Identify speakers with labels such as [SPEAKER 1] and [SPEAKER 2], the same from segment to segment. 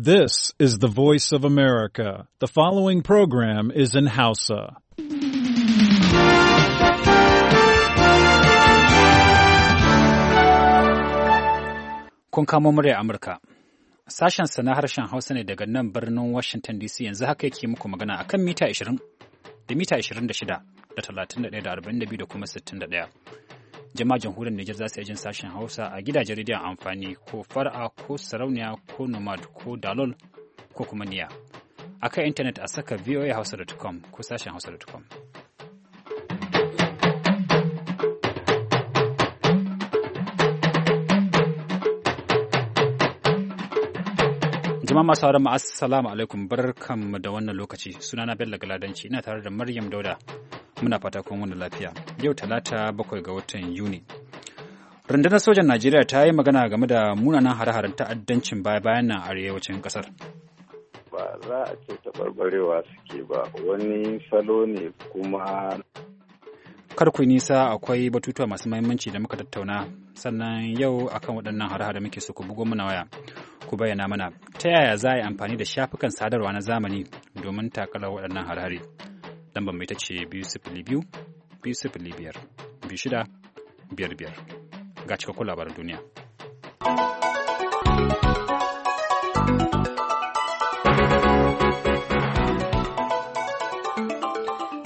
[SPEAKER 1] This is the voice of America. The following program is in Hausa. Kun kamo murya Amurka. Sashensa na harshen Hausa ne daga nan birnin Washington DC yanzu haka yake muku magana a kan mita 20 da mita 26 da 31 da 42 da kuma 61. jama'a jamhuriyar Nijar za su jin sashen Hausa a gidajen rediyon amfani ko far'a ko sarauniya ko nomad ko dalol ko kuma niya. A kan intanet a saka voahausa.com ko sashen hausa.com. Jama'a masu hauren ma'asalamu alaikum barkanmu da wannan lokaci sunana Bello Galadanci ina tare da Maryam Dauda. muna fata kuma wani lafiya yau talata bakwai ga watan yuni rundunar sojan najeriya ta yi magana game da munanan hare-haren ta'addancin baya-bayan nan
[SPEAKER 2] arewacin kasar ba za a ce taɓarɓarewa suke ba wani salo ne kuma
[SPEAKER 1] kar ku nisa akwai batutuwa masu mahimmanci da muka tattauna sannan yau akan waɗannan har da muke su ku bugo mana waya ku bayyana mana ta yaya za a yi amfani da shafukan sadarwa na zamani domin takalar waɗannan har hare lambar mai ta ce biyu sifili biyu biyu sifili biyar biyu shida biyar biyar ga cikakkun labaran duniya.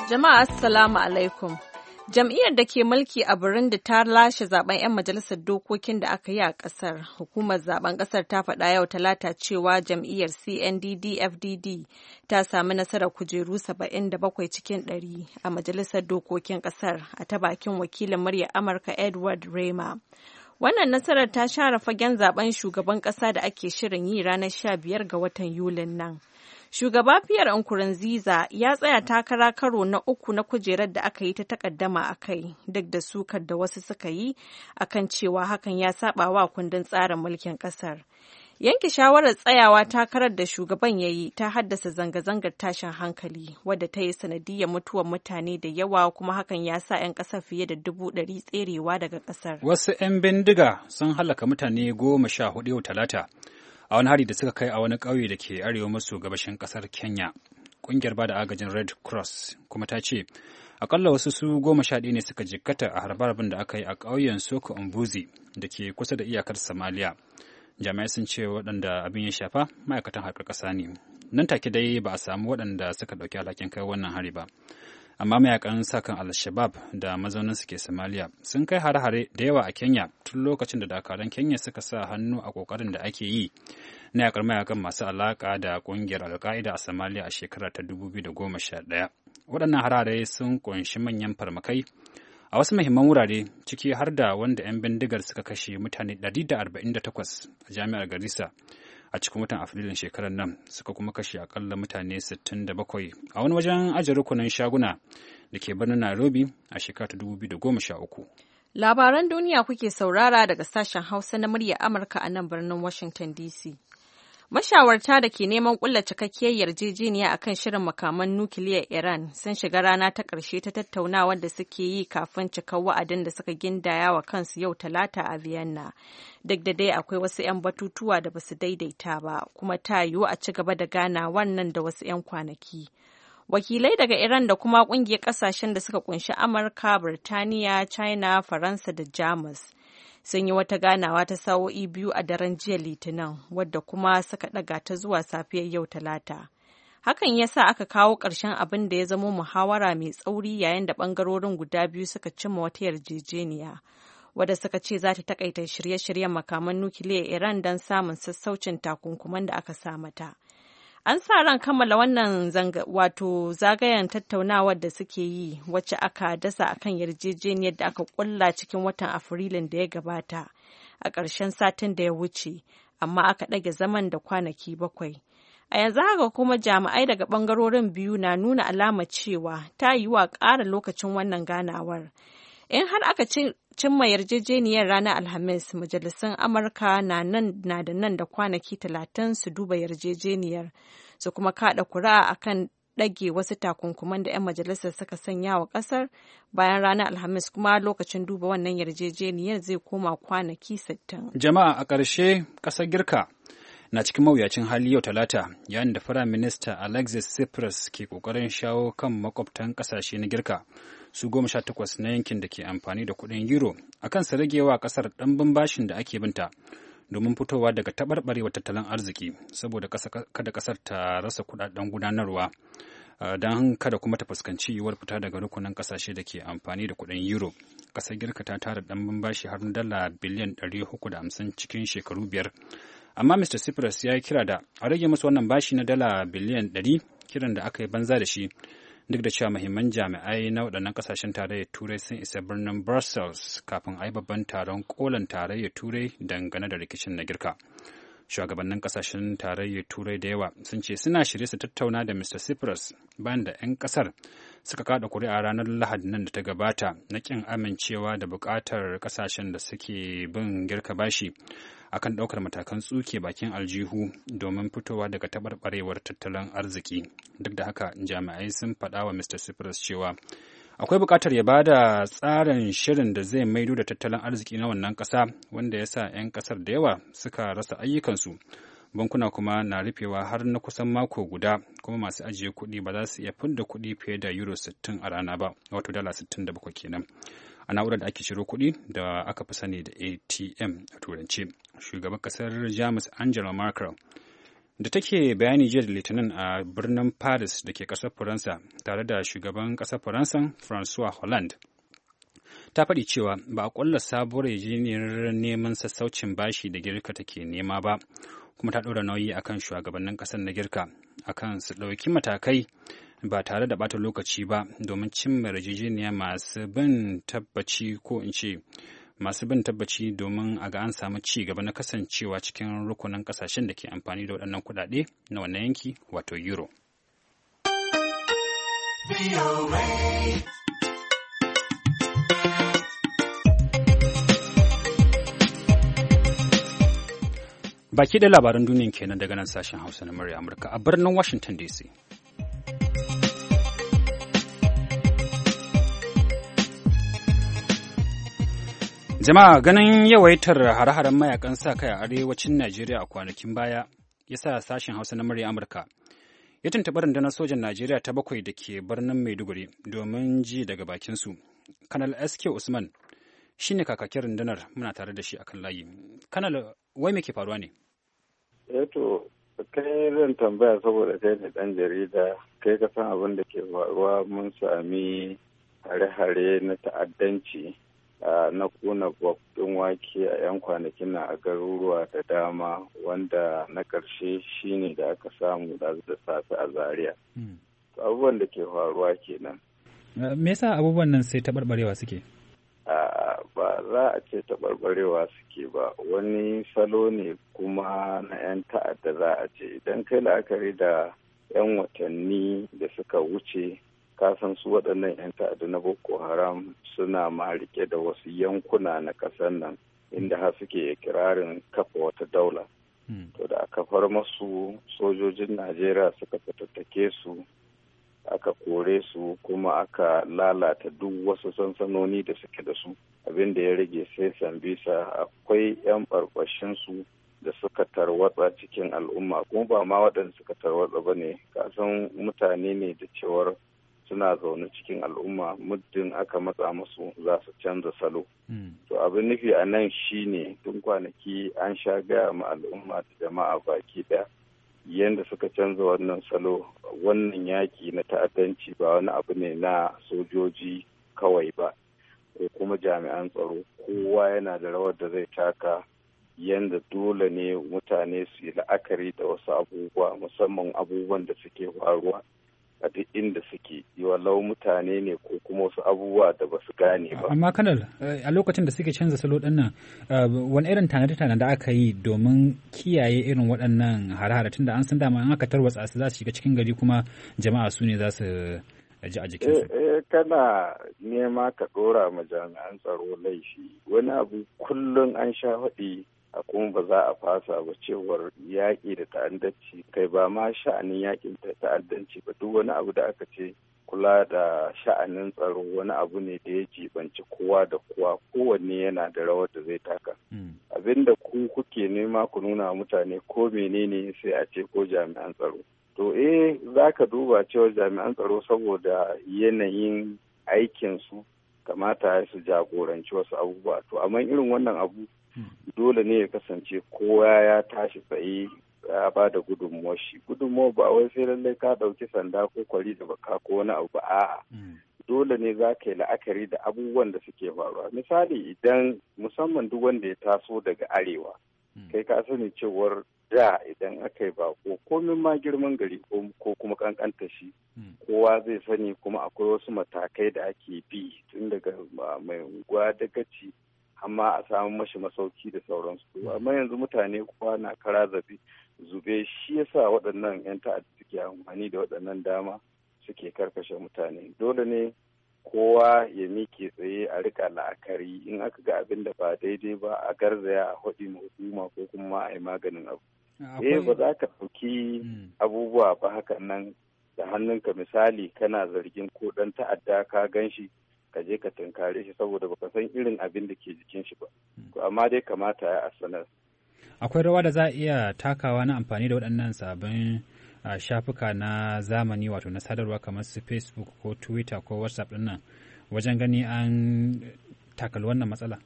[SPEAKER 3] Jama'a Assalamu alaikum. Jam'iyyar da ke mulki a Burundi ta lashe zaben 'yan majalisar dokokin da aka yi a ƙasar. Hukumar zaben ƙasar ta faɗa yau talata cewa jam'iyyar CNDD-FDD ta sami nasarar kujeru 77 cikin 100 a majalisar dokokin ƙasar a ta bakin wakilin murya Amurka Edward Rema. Wannan nasarar ta share fagen zaben shugaban ƙasa da ake shirin yi ranar 15 ga watan Yulin nan. Shugaba Pierre ziza ya tsaya takara karo na uku na kujerar da aka yi ta takaddama a kai duk da sukar da wasu suka yi a kan cewa hakan ya saba wa kundin tsarin mulkin kasar. Yanke shawarar tsayawa takarar da shugaban ya yi ta haddasa zanga-zangar tashin hankali wadda ta yi sanadiyar mutuwar mutane da yawa kuma hakan ya sa 'yan kasar fiye da dubu ɗari tserewa daga kasar.
[SPEAKER 1] Wasu 'yan bindiga sun halaka mutane goma sha hudu talata a wani hari da suka kai a wani ƙauye da ke arewa maso gabashin ƙasar kenya ƙungiyar bada agajin red cross kuma ta ce akalla wasu su goma sha ɗaya ne suka jikkata a harbarbin da aka yi a ƙauyen soko umbuzi da ke kusa da iyakar somalia jami'ai sun ce waɗanda abin ya shafa ma'aikatan harkar ƙasa ne nan take dai ba a samu waɗanda suka ɗauki alhakin kai wannan hari ba amma mayakan sakan al-shabab da mazaunin su ke somalia sun kai hare-hare da yawa a kenya tun lokacin da dakaran kenya suka sa hannu a kokarin da ake yi na yakar mayakan masu alaka da kungiyar alka'ida a somalia a shekarar ta 2011 waɗannan harare sun kunshi manyan farmakai a wasu muhimman wurare ciki har da wanda 'yan bindigar suka kashe mutane 148 a jami'ar garissa a cikin watan afrilun shekarar nan suka kuma kashe akalla mutane 67 a wani wajen ajiye rukunin shaguna da ke birnin nairobi a shekara ta 2013
[SPEAKER 3] labaran duniya kuke saurara daga sashen hausa na murya amurka a nan birnin washington dc Mashawarta da ke neman ƙulla cikakkiyar yarjejeniya a kan shirin makaman nukiliyar Iran sun shiga rana ta ƙarshe ta tattaunawar da suke yi kafin cikar wa'adin da suka gindaya wa kansu yau talata a Vienna. Duk da dai akwai wasu 'yan batutuwa da basu daidaita ba, kuma ta yiwu a ci gaba da gana wannan da wasu 'yan kwanaki. wakilai daga Iran da kuma ƙungiyar ƙasashen da suka ƙunshi Amurka, Birtaniya, China, Faransa da Jamus sun yi wata ganawa ta sa'o'i biyu a daren jiya litinin wadda kuma suka ɗaga ta zuwa safiyar yau talata hakan ya sa aka kawo ƙarshen abin da ya zamo muhawara mai tsauri yayin da ɓangarorin guda biyu suka cimma wata yarjejeniya wadda suka ce za ta takaita shirye-shiryen makaman nukiliya iran don samun sassaucin takunkuman da aka sa mata An sa ran kammala wannan wato zagayen tattaunawar da suke yi wacce aka dasa a kan yarjejeniyar da aka kulla cikin watan Afrilun da ya gabata a ƙarshen satin da ya wuce, amma aka ɗage zaman da kwanaki bakwai. A yanzu haka kuma jami'ai daga ɓangarorin biyu na nuna alama cewa ta yi wa ƙara lokacin wannan ganawar. In har aka cimma yarjejeniyar ranar alhamis majalisun amurka na nan na da nan da kwanaki talatin su duba yarjejeniyar su kuma kada kura kan ɗage wasu takunkuman da 'yan majalisar suka sanya wa ƙasar bayan ranar alhamis kuma lokacin duba wannan yarjejeniyar zai koma kwanaki 60.
[SPEAKER 1] jama'a a karshe ƙasar girka na cikin mawuyacin hali yau talata yayin da firaminista alexis tsipras ke ƙoƙarin shawo kan makwabtan ƙasashe na girka su goma sha takwas na yankin da ke amfani da kuɗin euro akan su rage wa ƙasar ɗanbin bashin da ake binta domin fitowa daga taɓarɓarewa tattalin arziki saboda kada ƙasar ta rasa kuɗaɗen gudanarwa don kada kuma ta fuskanci yiwuwar fita daga rukunin ƙasashe da ke amfani da kuɗin euro ƙasar girka ta tara ɗanbin bashi har dala biliyan ɗari da hamsin cikin shekaru biyar amma mr cyprus ya yi kira da a rage musu wannan bashi na dala biliyan ɗari kiran da aka yi banza da shi duk da cewa muhimman jami'ai na waɗannan ƙasashen tarayyar turai sun isa birnin brussels kafin a yi babban taron kolan tarayyar turai dangane da rikicin na girka shugabannin ƙasashen tarayyar turai da yawa sun ce suna shirye su tattauna da mr cyprus bayan da 'yan ƙasar suka kada kuri'a ranar lahadi nan da ta gabata na ƙin amincewa da buƙatar ƙasashen da suke bin girka bashi akan ɗaukar matakan tsuke bakin aljihu domin fitowa daga tabarbarewar tattalin arziki duk da haka jami'ai sun faɗa wa mr cyprus cewa akwai buƙatar ya bada tsarin shirin da zai maido da tattalin arziki na wannan ƙasa wanda ya sa 'yan ƙasar da yawa suka rasa ayyukansu bankuna kuma na rufewa har na kusan mako guda kuma masu ajiye kuɗi ba za su iya fidda kuɗi fiye da euro 60 a rana ba wato dala 67 kenan a na'urar da ake ciro kuɗi da aka fi sani da atm a turance shugaban ƙasar jamus angela merkel da take bayani jiya da litinin a birnin paris da ke ƙasar faransa tare da shugaban ƙasar faransa francois hollande ta faɗi cewa ba a ƙulla sabuwar yarjejeniyar neman sassaucin bashi da girka take nema ba kuma ta ɗora nauyi akan shugabannin ƙasar na girka akan su ɗauki matakai ba tare da bata lokaci ba domin cimma yarjejeniya masu bin tabbaci ko in ce masu bin tabbaci domin a ga an samu ci gaba na kasancewa cikin rukunin kasashen da ke amfani da waɗannan kuɗaɗe na wannan yanki wato euro. Baki da labaran duniya kenan daga nan sashen Hausa na murya Amurka a birnin Washington DC. Jama'a ganin yawaitar hare-haren mayakan sa kai a arewacin Najeriya a kwanakin baya ya sa sashen Hausa na murya Amurka ya tuntuɓi rundunar sojan Najeriya ta bakwai da ke birnin Maiduguri domin ji daga bakin su Kanal SK Usman shi ne kakakin rundunar muna tare da shi akan layi. Kanal wai me faruwa ne?
[SPEAKER 2] Eto, eh kai zan tambaya saboda kai ne ɗan jarida, kai ka san abin da ke faruwa mun sami hare-hare na ta'addanci Ah, na kuna ɗin wake a 'yan kwanakin na a garuruwa da dama wanda na ƙarshe shine da aka samu da safe a zaria hmm. abubuwan da ke faruwa kenan
[SPEAKER 1] ah, me yasa abubuwan nan sai taɓarɓarewa suke
[SPEAKER 2] ah, ba za a ce taɓarɓarewa suke ba wani salo ne kuma na 'yan ta'adda za a ce idan kai la'akari da 'yan watanni da suka wuce kasan su waɗannan 'yan ta'adda na boko haram suna ma rike da wasu yankuna na ƙasar nan inda har suke kirarin kafa wata daula hmm. to da aka far masu sojojin najeriya suka fatattake su aka kore su kuma aka lalata duk wasu sansanoni da suke da su abin da ya rage sai sambisa akwai 'yan barbashin su da suka tarwatsa cikin al'umma kuma ba ma waɗanda suka tarwatsa ba ne kasan mutane ne da cewar suna zaune cikin al'umma muddin aka matsa musu za su canza salo. Hmm. To abin nufi a nan shi ne tun kwanaki an sha gaya ma al'umma da jama'a baki ɗaya yadda suka canza wannan salo wannan yaki na ta'addanci ba wani abu ne na sojoji kawai ba ko kuma jami'an tsaro kowa yana da rawar da zai taka yadda dole ne mutane su yi la'akari da wasu abubuwa musamman abubuwan da suke faruwa a duk inda suke walau mutane ne ko kuma wasu abubuwa da ba su gane ba. Amma
[SPEAKER 1] kanal eh, a lokacin da suke canza salo ɗin nan eh, wani irin tanade-tanade da aka yi domin kiyaye irin waɗannan hare-hare tun da an san dama an aka tarwatsa su za su shiga cikin gari kuma jama'a su ne za su ji a su. Eh,
[SPEAKER 2] eh kana nema ka ɗora ma jami'an tsaro laifi wani abu kullum an sha faɗi a kuma ba za a fasa ba cewar yaƙi da ta'addanci kai ba ma sha'anin yaƙin da ta'addanci ba duk wani abu da aka ce kula da sha'anin tsaro wani abu ne da ya jibanci kowa da kowa kowanne yana da rawar da zai taka hmm. abin da ku kuke nema ku nuna mutane ko menene sai a ce ko jami'an tsaro to eh za ka duba cewa jami'an tsaro saboda yanayin aikinsu kamata su jagoranci wasu abubuwa to amma irin wannan abu dole ne ya kasance kowa ya tashi tsaye ya ba da gudunmuwar shi gudunmuwar ba wai sai lallai ka dauki sanda ko kwari da baka ko wani abu a'a mm. dole ne za ka yi la'akari da abubuwan da suke faruwa misali idan musamman duk wanda ya taso daga arewa mm. kai ka sani cewar da idan aka yi ko komin ma girman gari ko kuma kankanta shi mm. kowa zai sani kuma akwai wasu matakai da ake bi tun daga ah, mai unguwa dagaci amma a samu mashi masauki da sauransu amma yanzu mutane kuwa na kara zabi zube shi yasa waɗannan 'yan ta'adda suke amfani da waɗannan dama suke karkashe mutane dole ne kowa ya mike tsaye a rika la'akari in aka ga abin da ba daidai ba a garzaya a haɗi ma ko kuma a yi maganin abu eh ba za ka ɗauki hmm. abubuwa ba hakan nan da hannunka misali kana zargin ko ɗan ta'adda ka gan shi ka je ka tunkare shi saboda baka san irin abin da ke jikin shi ba hmm. amma dai kamata ya sanar
[SPEAKER 1] akwai rawa da za a iya takawa na amfani da waɗannan sabon shafuka na zamani wato na sadarwa kamar su facebook ko twitter ko whatsapp ɗin nan wajen gani an takali wannan matsala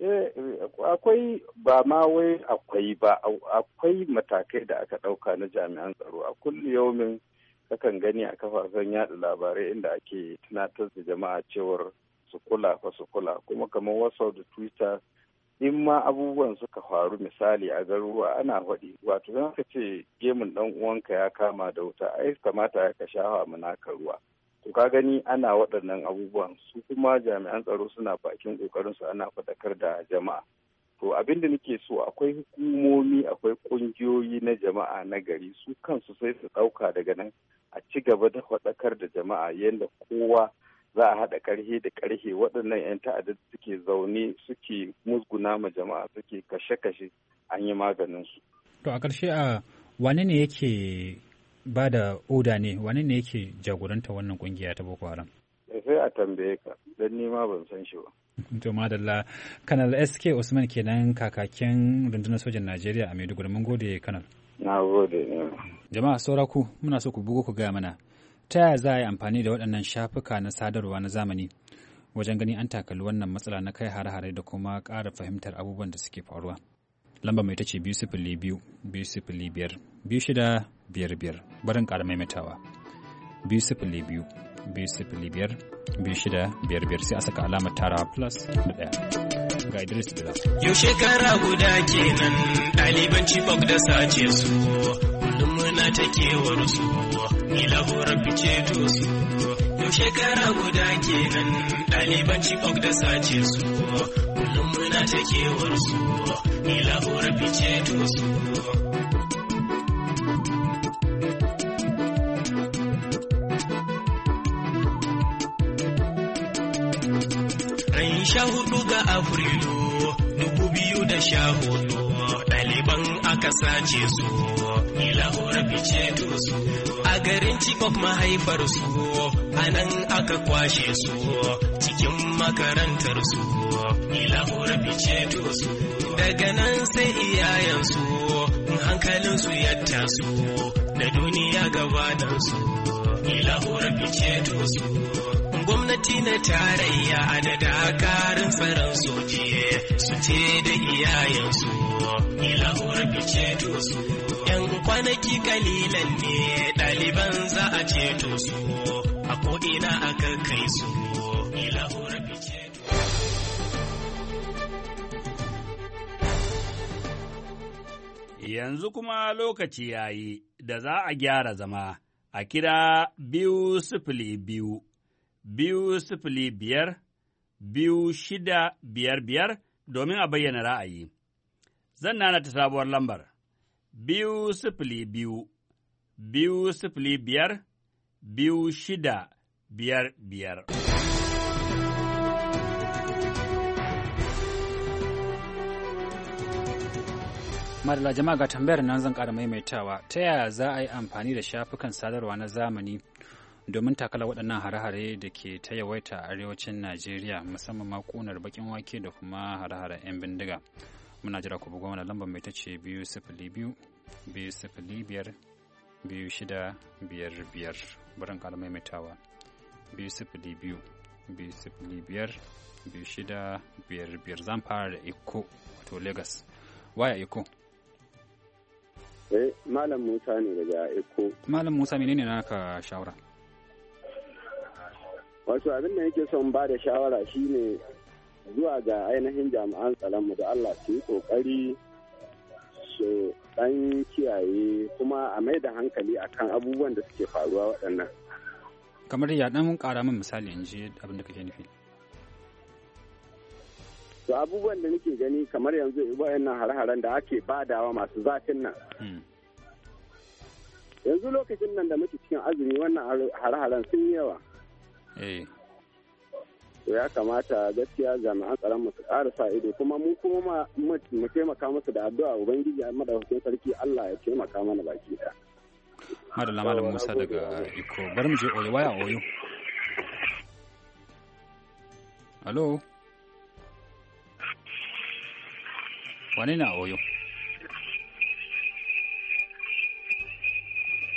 [SPEAKER 2] eh, akwai ba ma wai akwai ba akwai matakai da aka ɗauka na jami'an tsaro a kullum yaumin kakan gani a kafafen yada labarai inda ake tunatar da jama'a cewar su kula fa su kula kuma kamar wasu da twitter in ma abubuwan suka faru misali a garuruwa ana haɗi wato zan ka ce gemun ɗan uwanka ya kama da wuta ai kamata ka sha munaka ruwa to ka gani ana waɗannan abubuwan su kuma jami'an tsaro suna bakin ƙoƙarinsu ana faɗakar da jama'a To abin da nake so akwai hukumomi akwai kungiyoyi na jama'a na gari su kansu sai su dauka daga nan a ci gaba da faɗakar da jama'a yadda kowa za a haɗa ƙarhe da ƙarhe waɗannan 'yan ta'adda suke zaune suke musguna ma jama'a suke kashe-kashe an yi maganin su.
[SPEAKER 1] To a ƙarshe a wane ne yake ba da oda ne wane ne yake jagoranta wannan ƙungiya ta Boko Haram?
[SPEAKER 2] Eh, sai a tambaye ka don nima ban san shi ba.
[SPEAKER 1] to madalla kanal sk usman kenan kakakin rundunar sojan najeriya a maiduguri mun gode kanal
[SPEAKER 2] na gode
[SPEAKER 1] eh. jama'a sauraku muna so ku bugo ku gaya mana ta yaya za a yi amfani da waɗannan shafuka na sadarwa na zamani wajen ganin an takali wannan matsala na kai hare-hare da kuma ƙara fahimtar abubuwan da suke faruwa lamba mai ta ce biyu sifili biyu biyu sifili biyar biyu shida biyar biyar barin ƙara maimaitawa biyu sifili biyu biyu sifili biyar biyu shida biyar biyar sai a saka alamar tara plus na ɗaya ga Idris Bila.
[SPEAKER 4] Yau shekara guda kenan ɗaliban Chibok da sace su kullum muna ta kewar su ni lahorar fice to su. Yau shekara guda kenan ɗaliban Chibok da sace su kullum muna ta kewar su ni lahorar fice to su. afrilu dubu biyu da sha hudu ɗaliban aka sace su lahore fice su a garin cikok mahaifar su a nan aka kwashe su cikin makarantar su lahore fice su daga nan sai iyayensu hankalinsu ya su da duniya gabaninsu lahore fice su gwamnati na tarayya da dakarun farar soji su ce da iyayensu ila fice to su yan kwanaki kalilan ne ɗaliban za a ce to su a ko'ina kan kai su ila fice
[SPEAKER 5] Yanzu kuma lokaci ya yi da za a gyara zama a kira biyu sifili biyu. biyu sifili biyar biyu shida biyar biyar domin a bayyana ra'ayi. Zan nana ta sabuwar lambar biyu sifili biyu biyu sifili biyar biyu shida biyar
[SPEAKER 1] biyar. Madala jama'a ga tambayar nan zan ƙara maimaitawa ta yaya za a yi amfani da shafukan sadarwa na zamani domin takala waɗannan hare-hare da ke ta yawaita arewacin najeriya musamman ma ƙunar bakin wake da kuma hare-hare 'yan bindiga muna jira ku buga mana lambar mai ta ce biyu sifili biyu biyu sifili biyar biyu shida biyar biyar barin kala mitawa biyu sifili biyu biyu sifili biyar biyu shida biyar biyar zan fara da iko wato lagos waya iko
[SPEAKER 5] eh malam musa ne daga iko
[SPEAKER 1] malam musa menene naka shawara
[SPEAKER 5] wato abin da yake son ba da shawara shine zuwa ga ainihin jami'an tsaronmu da Allah su yi kokari su dan kiyaye kuma a mai da hankali akan abubuwan da suke faruwa waɗannan
[SPEAKER 1] kamar ya dan ƙara min misali in ji abin da kake nufi
[SPEAKER 5] to abubuwan da nake gani kamar yanzu waɗannan har-haren da ake badawa masu zafin nan hmm. yanzu lokacin nan da muke cikin azumi wannan har-haren sun yawa Eh. to ya kamata gaskiya jami'an tsaron mu su ƙara sa ido kuma mu kuma mu taimaka musu da addu'a ubangiji a madaukakin sarki Allah ya taimaka mana baki da
[SPEAKER 1] madalla malam Musa daga Iko bari mu je Oyo waya Oyo Hello wani na Oyo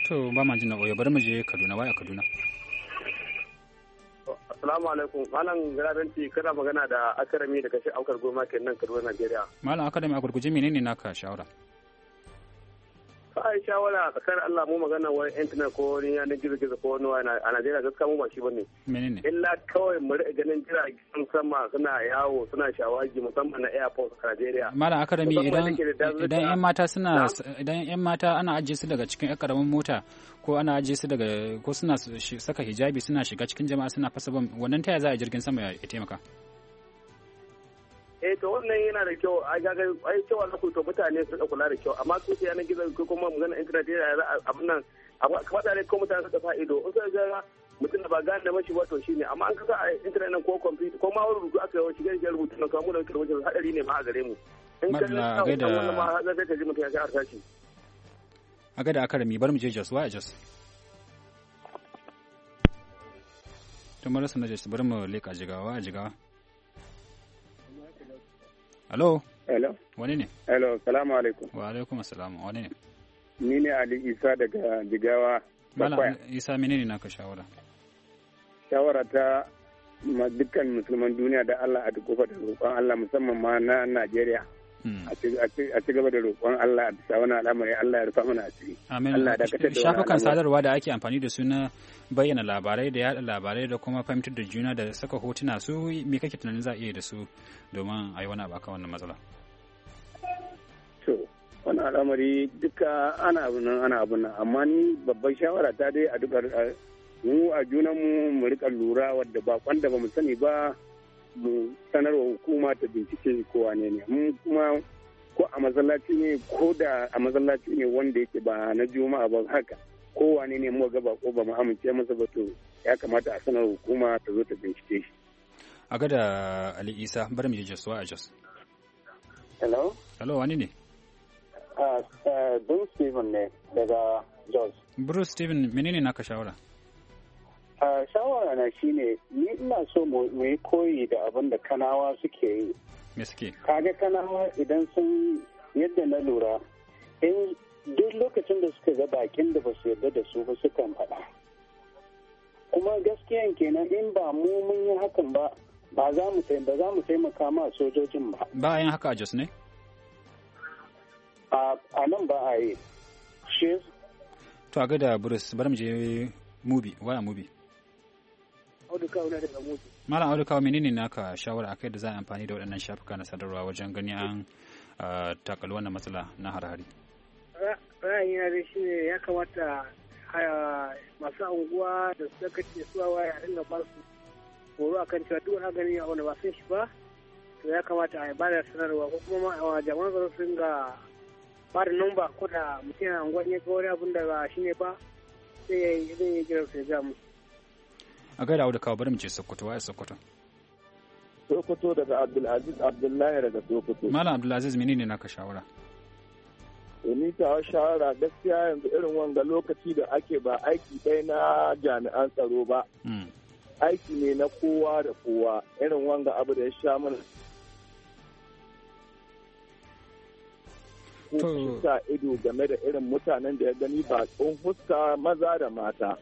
[SPEAKER 1] To ba ma jin na Oyo bari mu je Kaduna waya Kaduna
[SPEAKER 5] Assalamu alaikum. Malam Garabenti, kana magana da Akarami da shi aukar goma kenan Kaduna Najeriya.
[SPEAKER 1] Malam Akarami a gurguje menene naka shawara?
[SPEAKER 5] a yi shawara a tsakar Allah mu magana wani intanet ko wani yanar gizo gizo ko wani wani a Najeriya gaskiya mu ba shi bane. Illa kawai mu riƙa ganin jiragen sama suna yawo suna shawagi musamman na airport
[SPEAKER 1] a Najeriya. Malam Akarami idan idan ƴan mata suna idan yan mata ana ajiye su daga cikin ƙaramin mota ko ana ajiye su daga ko suna saka hijabi suna shiga cikin jama'a suna fasa bam wannan ta za a jirgin sama ya taimaka.
[SPEAKER 5] eh to wannan yana da kyau a ga ai cewa na to mutane su kula da kyau amma su yanar gizo ko kuma gana internet yana da abin nan kamar da ko mutane suka sa ido in suka ga mutum da ba gane da mashi wato shine amma an kasa a internet nan ko computer ko ma rubutu aka yi shi ganin rubutu nan kamar da rubutu hadari ne ma a gare mu in ka ga wannan ma zai ka ji mutum ya ga arsashi
[SPEAKER 1] a ga da akarami bar mu je Jos wa Jos tun marasa na Jos bar mu leka jigawa a jigawa Hello. Hello. Wani ne? Hello, salamu alaikum. Wa alaikum assalamu, wani ne? Ni ne Ali Isa daga Jigawa. Malam Isa menene naka shawara? Shawara
[SPEAKER 5] ta ma dukkan musulman duniya da Allah a kofar da roƙon Allah musamman ma na Najeriya. Hmm. a ci gaba da roƙon Allah a bisa wani al'amari Allah ya rufa mana asiri.
[SPEAKER 1] Amin. Allah da Shafukan sadarwa da ake amfani da su na bayyana labarai da yaɗa labarai da kuma fahimtar da juna da saka hotuna su me kake tunanin za a iya da su domin a yi wani abu akan wannan matsala.
[SPEAKER 5] To, wani al'amari duka ana abu nan ana abu nan amma ni babban shawara ta dai a duka mu a junanmu mu riƙa lura wadda ba kwanda ba mu sani ba mu wa hukuma ta bincike ko wane ne mun kuma ko a masallaci ne ko da a masallaci ne wanda yake ba na juma'a ba haka ko wane ne mu ga ko ba mu amince masa ba to ya kamata a sanar hukuma ta zo ta bincike shi
[SPEAKER 1] a ga da Ali Isa bar mu je Joshua a Jos Hello Hello wani ne
[SPEAKER 5] ah, ah Bruce Steven ne daga Jos
[SPEAKER 1] Bruce Steven menene naka shawara
[SPEAKER 5] a shawara na shine ni ina so mu yi koyi da abin da kanawa suke
[SPEAKER 1] yi
[SPEAKER 5] kaga kanawa idan sun yadda na lura in duk lokacin da suka ga bakin da ba su yarda da su ba sukan faɗa kuma gaskiyan kenan in ba mu mun yi hakan ba ba za mu ba za mu taimaka ma sojojin ba
[SPEAKER 1] bayan haka a jos ne
[SPEAKER 5] a nan ba a yi
[SPEAKER 1] to a ga da buris bar mu je mubi waya mubi na daga Malam Audu Kawu menene naka shawara akai da za a amfani da waɗannan shafuka na sadarwa wajen gani an takalu wannan matsala na harhari?
[SPEAKER 5] Ra'ayina dai shi ne ya kamata masu anguwa da su kace suwa su a dinga ba su horo akan cewa duk wani gani a wani ba sun shi ba to ya kamata a ba da sanarwa ko kuma a jama'an tsaro sun ga ba da numba ko da mutum yana anguwa ne ko wani abin da ba shi ne ba sai ya yi gidan su ya ja musu.
[SPEAKER 1] a gaida da kawo bari mu ce sokoto waye sokoto
[SPEAKER 5] sokoto daga abdulaziz abdullahi daga sokoto
[SPEAKER 1] malam abdulaziz menene naka shawara
[SPEAKER 5] ni ta shawara gaskiya yanzu irin wanga lokaci da ake ba aiki dai na jami'an tsaro ba hmm. aiki ne na kowa da kowa irin wanga abu da ya sha mana ko ido game da irin mutanen da ya gani ba tsohon huska maza da mata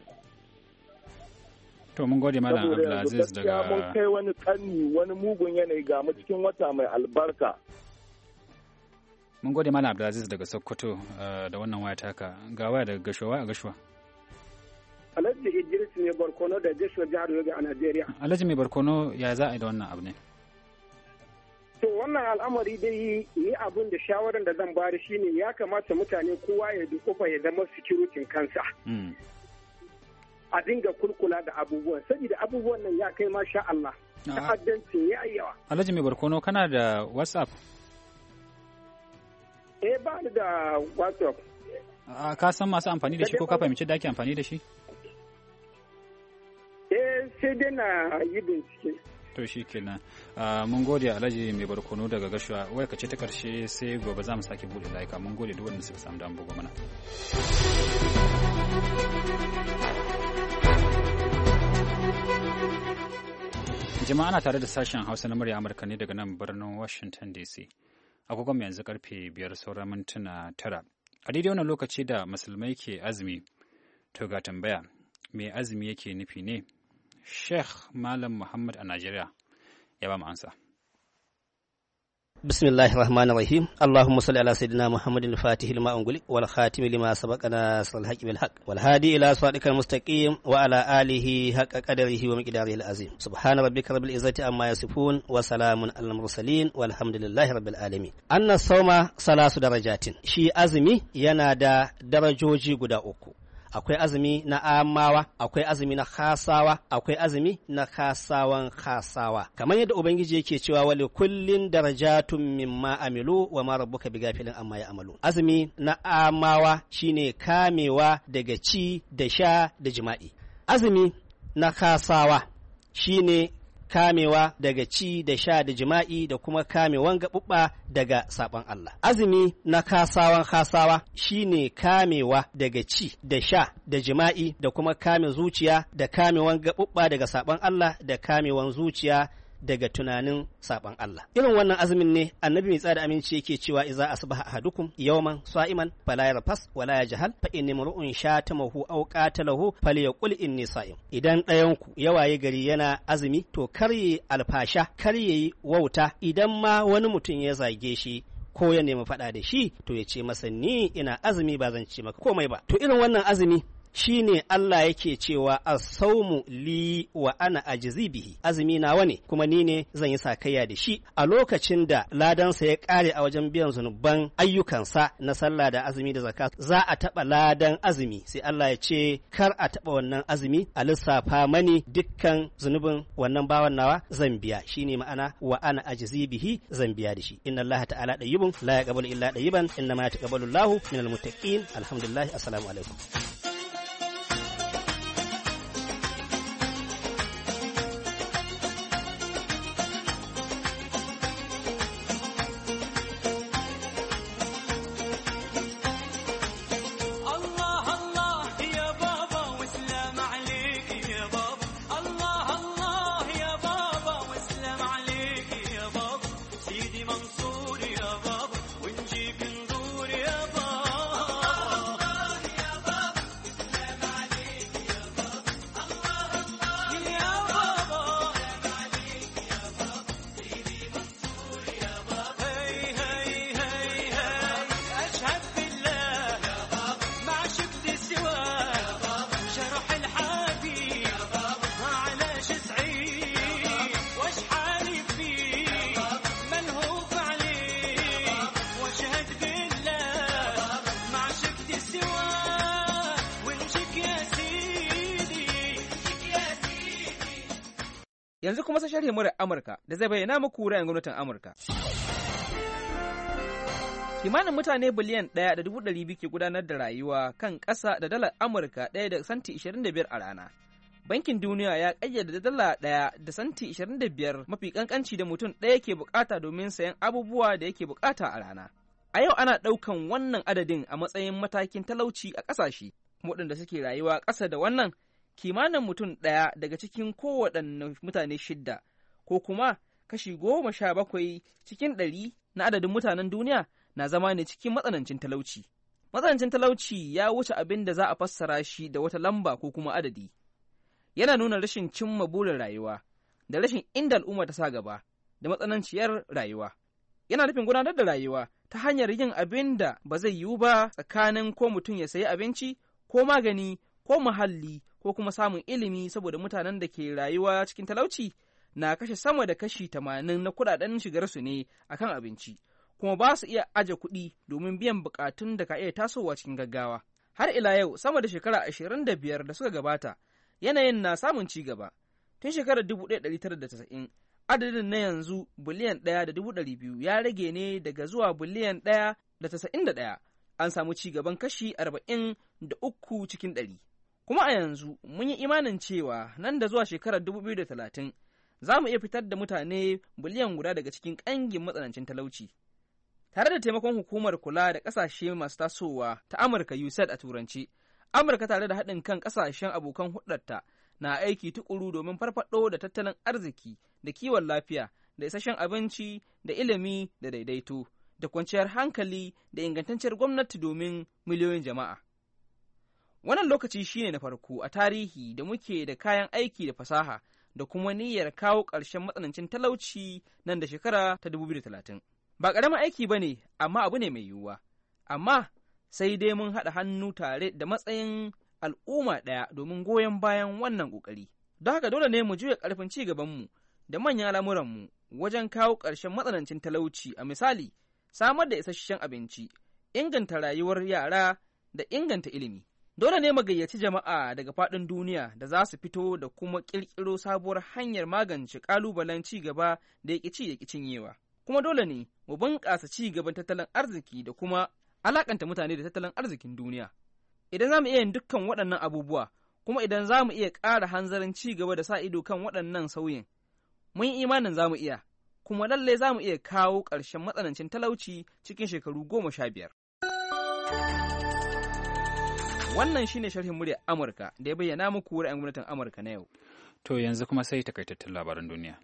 [SPEAKER 1] To mun gode Malam Abdulaziz daga mun kai
[SPEAKER 5] wani kanni wani mugun yanayi ga mu cikin wata mai albarka.
[SPEAKER 1] Mun gode Malam Abdulaziz daga Sokoto eh, da wannan waya taka. Ga waya daga Gashuwa a Gashuwa.
[SPEAKER 5] Alhaji Idris mai Barkono da Joshua Jihar Yobe a Najeriya.
[SPEAKER 1] Alhaji mai Barkono ya za a yi da wannan abu ne?
[SPEAKER 5] To wannan al'amari dai ni abin da shawaran da zan bari shine ya kamata mutane kowa ya dukufa ya zama sikiritin kansa. Hmm. a dinga kurkula da abubuwan saboda abubuwan nan ya kai masha Allah ta'addancin ya yi yawa
[SPEAKER 1] Alhaji mai barkono kana da WhatsApp
[SPEAKER 5] eh ba ni da WhatsApp
[SPEAKER 1] ka san masu amfani da shi ko ka fahimci da ake amfani da shi eh sai dai na yi bincike to shi kenan mun gode alhaji mai barkono daga gashuwa wai kace ta karshe sai gobe za mu sake bude laika mun gode duk wanda suka samu damar buga mana jama'a na tare da sashen hausa na murya amurka ne daga nan birnin washington dc agogon yanzu karfe biyar sauran mintuna tara a daidai wani lokaci da musulmai ke azumi to ga tambaya me azumi yake nufi ne sheikh malam muhammad a najeriya ya ba mu ansa
[SPEAKER 6] بسم الله الرحمن الرحيم اللهم صل على سيدنا محمد الفاتح لما أنقلق والخاتم لما سبق ناصر الحق بالحق والهادي إلى صراطك المستقيم وعلى آله حق قدره ومقداره العظيم سبحان ربك رب العزة عما يصفون وسلام على المرسلين والحمد لله رب العالمين أن الصوم ثلاث درجات شي أزمي ينادى درجوجي قدا أكو akwai azumi na amawa akwai azumi na khasawa akwai azumi na khasawan khasawa kamar yadda ubangiji yake cewa wali kullin darajatun mimma amilu wa ma rabbuka bigafilin amma ya amalu azumi na amawa shine kamewa daga ci da sha da jima'i azumi na khasawa shine kamewa daga ci da sha da jima'i da kuma kamewan gaɓuɓɓa daga saɓon Allah. Azumi na kasawan kasawa shine kamewa daga ci da sha da jima'i da kuma kame zuciya da kamewan gaɓuɓɓa daga saɓon Allah da kamewan zuciya daga tunanin saban Allah irin wannan azumin ne annabi mai tsada aminci yake cewa iza asbaha ahadukum yawman sa'iman fala yarfas wala yajhal fa in imru'un shatamahu aw qatalahu falyaqul inni sa'im idan ɗayan ku ya waye gari yana azumi to kar yi alfasha kar yi wauta idan ma wani mutum ya zage shi ko ya nemi faɗa da shi to ya ce masa ni ina azumi ba zan ce maka komai ba to irin wannan azumi shi ne Allah yake cewa asaumu li wa ana ajizi bihi azumi nawa ne kuma ni ne zan yi sakayya da shi a lokacin da ladansa ya kare a wajen biyan zunuban ayyukansa na sallah da azumi da zakat za a taba ladan azumi sai Allah ya ce kar a taba wannan azumi a lissafa mani dukkan zunubin wannan bawan nawa zan biya shine ma'ana wa ana ajizi bihi zan biya da shi inna Allah ta'ala dayyibun la yaqbalu illa dayyiban inna ma yataqabbalu Allahu minal muttaqin alhamdulillah assalamu alaikum
[SPEAKER 7] Yanzu kuma sai sharhi Amurka da zai bayyana muku ra'ayin gwamnatin Amurka. Kimanin mutane biliyan ɗaya da dubu ɗari biyu ke gudanar da rayuwa kan ƙasa da dalar Amurka ɗaya da santi ishirin a rana. Bankin Duniya ya ƙayyade da dala ɗaya da santi ishirin biyar mafi ƙanƙanci da mutum ɗaya ke buƙata domin sayan abubuwa da yake buƙata a rana. A yau ana ɗaukan wannan adadin a matsayin matakin talauci a ƙasashe waɗanda suke rayuwa ƙasa da wannan kimanin mutum ɗaya daga cikin kowaɗanne mutane shidda ko kuma kashi goma sha bakwai cikin ɗari na adadin mutanen duniya na zama ne cikin matsanancin talauci. Matsanancin talauci ya wuce abin da za a fassara shi da wata lamba ko kuma adadi. Yana nuna rashin cimma burin rayuwa da rashin inda al'umma ta sa gaba da matsananciyar rayuwa. Yana nufin gudanar da rayuwa ta hanyar yin abin da ba zai yiwu ba tsakanin ko mutum ya sayi abinci ko magani ko muhalli ko kuma samun ilimi saboda mutanen da ke rayuwa cikin talauci na kashe sama da kashi tamanin na kudaden shigarsu ne akan abinci kuma ba su iya aje kuɗi domin biyan bukatun da ka iya tasowa cikin gaggawa har ila yau sama da shekara ashirin da biyar da suka gabata yanayin na samun ci gaba tun shekarar dubu ɗaya ɗari tara da tasa'in adadin na yanzu biliyan ɗaya da dubu ɗari biyu ya rage ne daga zuwa biliyan ɗaya da tasa'in da ɗaya an samu ci gaban kashi arba'in da uku cikin ɗari kuma a yanzu mun yi imanin cewa nan da zuwa shekarar 2030 za mu iya fitar da mutane biliyan guda daga cikin ƙangin matsanancin talauci. Tare da taimakon hukumar kula da ƙasashe masu tasowa ta Amurka USAID a Turanci, Amurka tare da haɗin kan ƙasashen abokan hudarta na aiki tukuru domin farfaɗo da tattalin arziki da kiwon lafiya da isasshen abinci da ilimi da daidaito da kwanciyar hankali da ingantacciyar gwamnati domin miliyoyin jama'a. Wannan lokaci shi ne na farko a tarihi da muke da kayan aiki da fasaha da kuma niyyar kawo ƙarshen matsanancin talauci nan da shekara ta 2030. Ba ƙaramin aiki ba ne, amma abu ne mai yiwuwa. Amma sai dai mun haɗa hannu tare da matsayin al'umma ɗaya domin goyon bayan wannan ƙoƙari. Don haka dole ne mu juya ƙarfin ci gabanmu da manyan mu wajen kawo ƙarshen matsanancin talauci a misali samar da isasshen abinci, inganta rayuwar yara da inganta ilimi. Dole ne mu gayyaci jama'a daga faɗin duniya da za su fito da kuma ƙirƙiro sabuwar hanyar magance ƙalubalen ci gaba da ya ci cinyewa. Kuma dole ne mu bunƙasa ci gaban tattalin arziki da kuma alaƙanta mutane da tattalin arzikin duniya. Idan za mu iya yin dukkan waɗannan abubuwa, kuma idan za mu iya ƙara hanzarin ci gaba da sa ido kan waɗannan sauyin, mun yi imanin za mu iya, kuma lallai za mu iya kawo ƙarshen matsanancin talauci cikin shekaru goma sha biyar. Wannan shine sharhin murya Amurka da ya bayyana muku ra'ayin gwamnatin Amurka na yau. To yanzu kuma sai
[SPEAKER 1] takaitattun labaran duniya.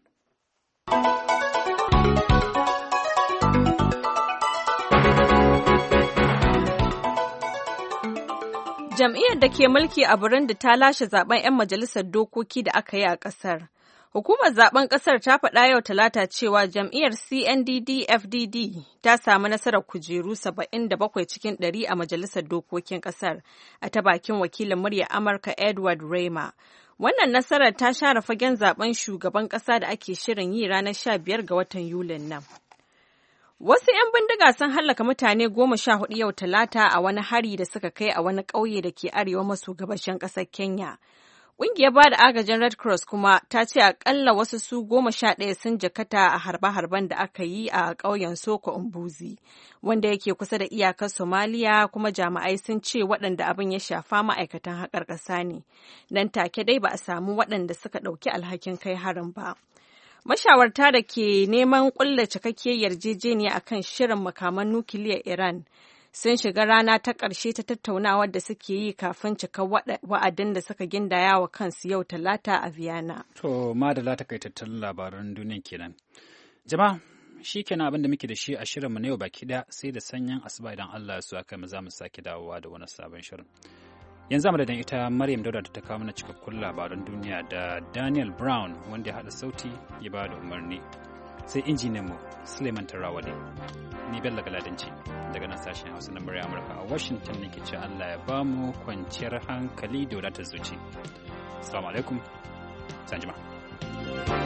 [SPEAKER 3] Jam'iyyar da ke mulki a Burundi ta lashe zaben 'yan majalisar dokoki da aka yi a ƙasar. Hukumar zaben kasar ta faɗa yau talata cewa jam'iyyar CNDD-FDD ta samu nasarar kujeru 77 cikin 100 a majalisar dokokin kasar a ta bakin wakilin murya Amurka Edward Raymer. Wannan nasarar ta share fagen zaben shugaban kasa da ake shirin yi ranar 15 ga watan Yulin nan. Wasu 'yan bindiga sun hallaka mutane goma sha yau talata a wani hari da suka kai a wani ƙauye da ke arewa maso gabashin ƙasar Kenya. Ƙungiyar ba da agajin Red Cross kuma ta ce akalla wasu su goma sha ɗaya sun jakata a harbe-harben da aka yi a ƙauyen Soko Umbuzi, wanda yake kusa da iyakar Somaliya kuma jami'ai sun ce waɗanda abin ya shafa ma'aikatan haƙar ƙasa ne. Nan take dai ba a samu waɗanda suka ɗauki alhakin kai harin ba. Mashawarta da ke neman ƙulla cikakkiyar yarjejeniya akan shirin makaman nukiliyar Iran sun shiga rana ta ƙarshe ta tattaunawa da suke yi kafin cika wa'adin da suka gindaya wa kansu yau talata a viyana
[SPEAKER 1] To, madala tattalin labaran duniya kenan. Jama shi kenan abin da muke da shi a shirinmu na yau baki ɗaya sai da sanyin asuba idan Allah ya so aka mu za mu sake dawowa da wani sabon shirin. yanzu amma da ita maryam dauda ta kawo mana cikakkun labaran duniya da daniel brown wanda ya haɗa sauti ya ba da umarni sai mu Suleiman Tarawale. Ni Bello Galadanci daga nan sashen Hausa na murya Amurka a Washington nake ce Allah ya ba mu kwanciyar hankali da wadatar zuci. Assalamu alaikum. Sanjima.